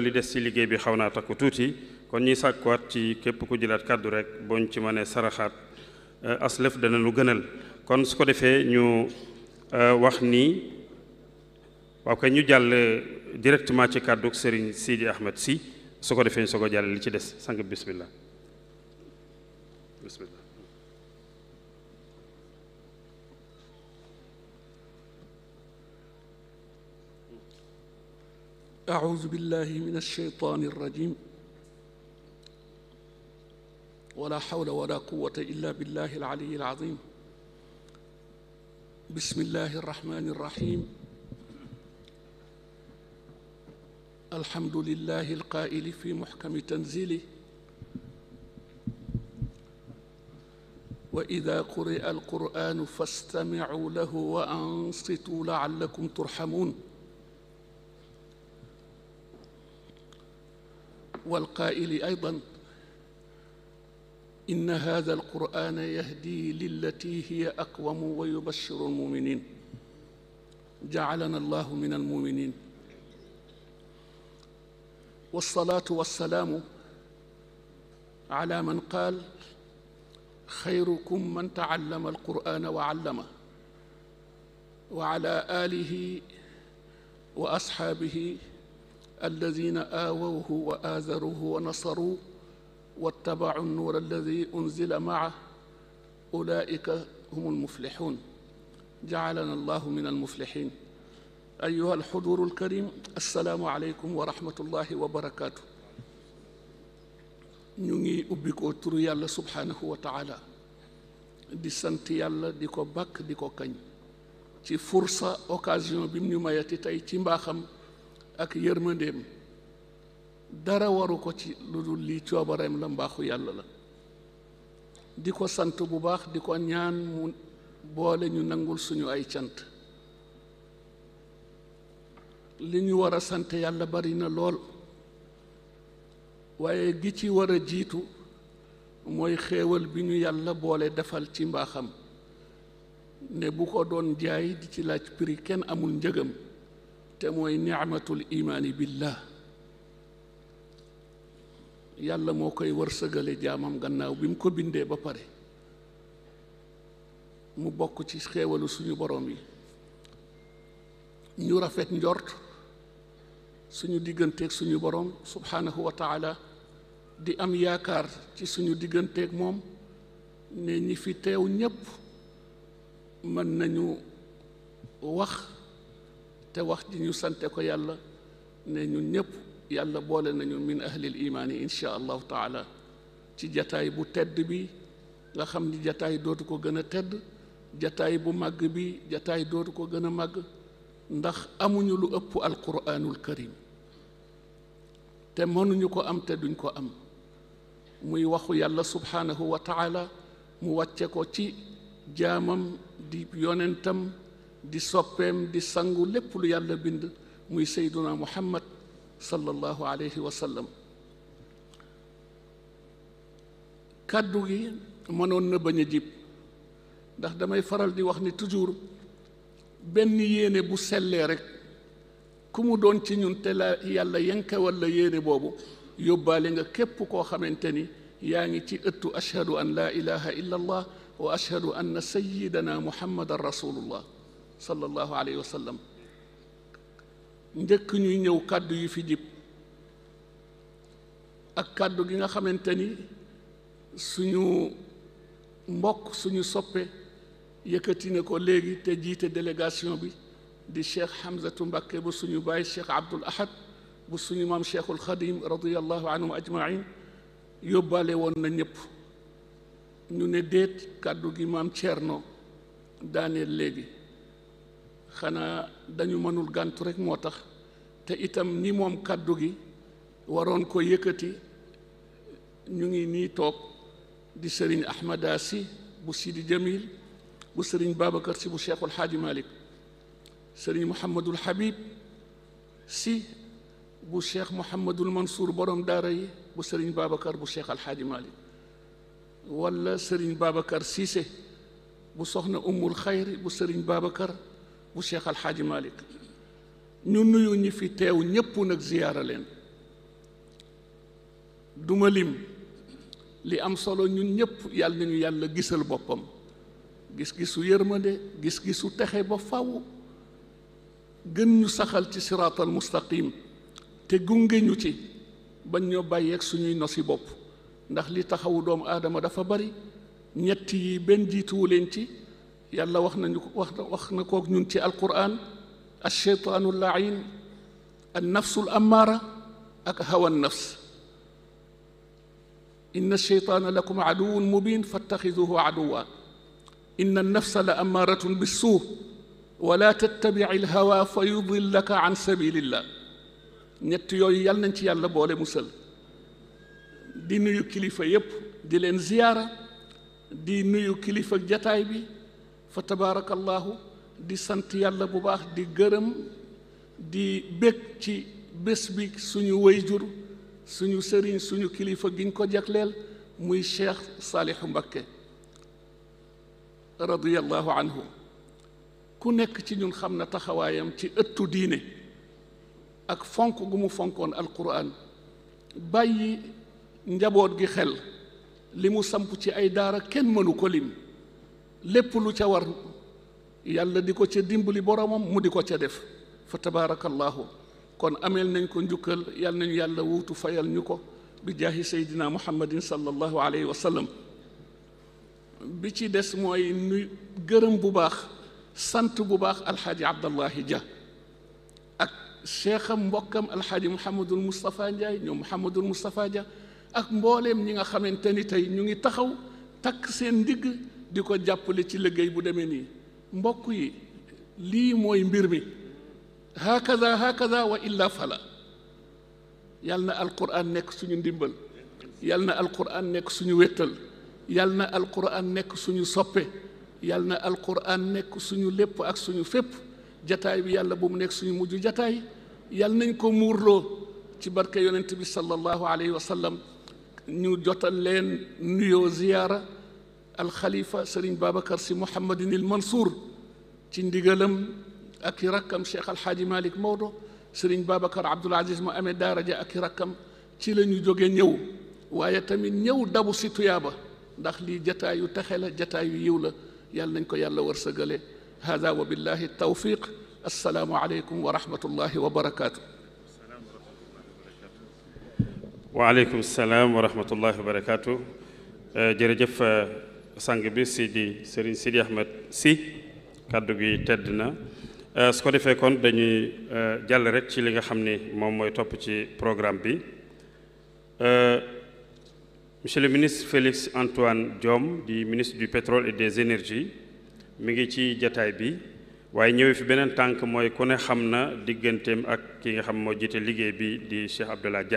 li des ci liggéey bi xaw naa takku tuuti kon ñuy sàkkuwaat ci képp ku jëlaat kàddu rek boñ ci mënee saraxaat eh, aslef dana lu gënal kon su ko defee ñu eh, wax ni waaw kay ñu jàll directement ci kàddu Serigne Sidi Ahmed si su ko defee ñu soog a jàll li ci des sang bismillah bismillah أعوذ بالله من الشيطان الرجيم ولا حول ولا قوة إلا بالله العلي العظيم بسم الله الرحمن الرحيم الحمد لله القائل في محكم تنزيله وإذا قرئ القرآن فاستمعوا له وأنصتوا لعلكم ترحمون والقائل أيضا إن هذا القرآن يهدي للتي هي أقوم ويبشر المؤمنين جعلنا الله من المؤمنين والصلاة والسلام على من قال خيركم من تعلم القرآن وعلمه وعلى آله وأصحابه الذين آووه وآزروه ونصروه واتبعوا النور الذي أنزل معه أولئك هم المفلحون جعلنا الله من المفلحين أيها الحضور الكريم السلام عليكم ورحمة الله وبركاته ñu ngi ubbi ko turu yàlla subhaanahu wa taala di sant yàlla di ko bàkk di ko kañ ci fursa occasion bi mu ñu mayati tey ci mbaaxam ak yërmandeem dara waru ko ci lu dul lii coobareem la mbaaxu yàlla la di ko sant bu baax di ko ñaan mu boole ñu nangul suñu ay cant li ñu war a sant yàlla bari na lool waaye gi ci war a jiitu mooy xéewal bi ñu yàlla boole defal ci mbaaxam ne bu ko doon jaay di ci laaj prix kenn amul njëgam te mooy nicmatul imaani billah yàlla moo koy wërsëgale jaamam gannaaw bi mu ko bindee ba pare mu bokk ci xewalu suñu boroom yi ñu rafet njort suñu digganteeg suñu borom subhaanahu wa di am yaakaar ci suñu digganteeg moom ne ñi fi teew ñépp mën nañu wax te wax ji ñu sante ko yàlla ne ñu ñëpp yàlla boole nañu min ahlil imaani insha allahu taala ci jataay bu tedd bi nga xam ni jataay dootu ko gën a tedd jataay bu màgg bi jataay dootu ko gën a màgg ndax amuñu lu ëpp alquranul karim te mënuñu ko am te duñ ko am muy waxu yàlla subhaanahu wa taala mu wàcce ko ci jaamam di yonentam di soppeem di sangu lépp lu yàlla bind muy sayduna muhammad sallallahu alayhi wa sallam kàddu gi mënoon na bañ a jib ndax damay faral di wax ni toujours benn yéene bu sellee rekk ku mu doon ci ñun te la yàlla yenke walla yéene boobu yóbbaale nga képp koo xamante ni yaa ngi ci ëttu ashhadu an laa ilaha illa allah wa ashhadu anna sayyidana muhammadan rasulullah sallallahu alayhi sallam njëkk ñuy ñëw kàddu yi fi jib ak kàddu gi nga xamante ni suñu mbokk suñu soppe yëkkati ne ko léegi te jiite délégation bi di cheikh Hamzatu Mbàkke bu suñu baay cheikh Abdul Ahad bu suñu maam cheikhul Xadim radiallahu anhum ajmain yóbbaale woon na ñëpp ñu ne déet kàddu gi maam Thierno daaneel léegi xanaa dañu mënul gàntu rekk moo tax te itam ñi moom kàddu gi waroon ko yëkkati ñu ngi nii toog di sëriñ ahmada si bu sidi jamil bu sëriñ babacar si bu cheikhul xaaji malik sëriñ mouhamadul habib si bu cheikh mouhamadul mansour boroom daara yi bu sëriñ babacar bu cheikh alxaaji malik wala sëriñ babacar siise bu soxna ummul xayri bu sëriñ babacar bu Cheikh Al Hadj ñu nuyu ñi fi teew ñépp nag ziyaara leen duma lim li am solo ñun ñépp yàlla nañu yàlla gisal boppam gis-gisu yërmande gis-gisu texe ba faw gën ñu saxal ci siraatal mustaqim te gunge ñu ci bañ ñoo bàyyeeg suñuy nosi bopp ndax li taxawu doomu aadama dafa bari ñett yi benn jiituwu leen ci yàlla wax nañu wax wax na kook ñun ci alquran alcheytaanu llain an nafsul amaara ak hawa nafs inna alcheytaana lakum aduwun mubin fattaxiduhu aduwa inna alnafsa la amaaratun bissuu wala tattabici alhawa fa yudillaka an sabilillah ñett yooyu yàlla nañ ci yàlla boole musal di nuyu kilifa yépp di leen ziyaara di nuyu kilifa jataay bi fa tabaarakallaahu di sant yàlla bu baax di gërëm di bég ci bés bi suñu wayjur suñu sëriñ suñu kilifa gi giñ ko jagleel muy cheikh saalixu mbakke radiyallahu anhu ku nekk ci ñun xam na taxawaayam ci ëttu diine ak fonk gu mu fonkoon alquran bàyyi njaboot gi xel li mu samp ci ay daara kenn mënu ko lim lépp lu ca war yàlla di ko ca dimbali boromam mu di ko ca def fa tabarakallahu kon ameel nañ ko njukkal yàlla nañu yàlla wuutu fayal ñu ko bi jaahi saydina muhammadin sallallahu alayhi wa sallam bi ci des mooy nu gërëm bu baax sant bu baax alxaaji abdallahi ja ak cheikham mbokkam alxaaji muhammadul moustapha ndiaye ñoom muhammadul moustapha dia ak mbooleem ñi nga xamante ni tey ñu ngi taxaw takk seen ndigg di ko jàppale ci liggéey bu demee nii mbokk yi lii mooy mbir mi hakaza hakaza wa illa fala yal na alquran nekk suñu ndimbal yal na alquran nekk suñu wéttal yal na alquran nekk suñu soppe yal na alquran nekk suñu lépp ak suñu fépp jataay bi yàlla bu mu nekk suñu mujj jataay yal nañ ko muurloo ci barke yonent bi sallallahu alayhi wa sallam ñu jotal leen nuyoo ziyaara alxalifa sëriñ babacar si mouhamadinil mansour ci ndigalam ak i rakkam cheikh alhaaji malik maodo sëriñ babacar abdul aziz mu amee daaraja ak i rakkam ci la ñu jóge ñëw waaye tamit ñëw dabu si tuyaaba ndax lii jataayu texe la jataayu yiw la yàlla nañ ko yàlla wërsëgale hada wa billahi tawfiq assalaamu aleykum wa rahmatullahi wa barakaatu waaleykum salaam wa sang bi si di Serigne Sidi Ahmed si kàddu gi tedd na euh, su ko defee kon dañuy euh, jàll rek ci li nga xam ni moom mooy topp ci programme bi euh, monsieur le ministre Félix Antoine Diome di ministre du pétrole et des énergies mu ngi ci jataay bi waaye ñëwee fi beneen tànk mooy ku ne xam na digganteem ak ki nga xam mooy jiite liggéey bi di Cheikh Abdallah Dia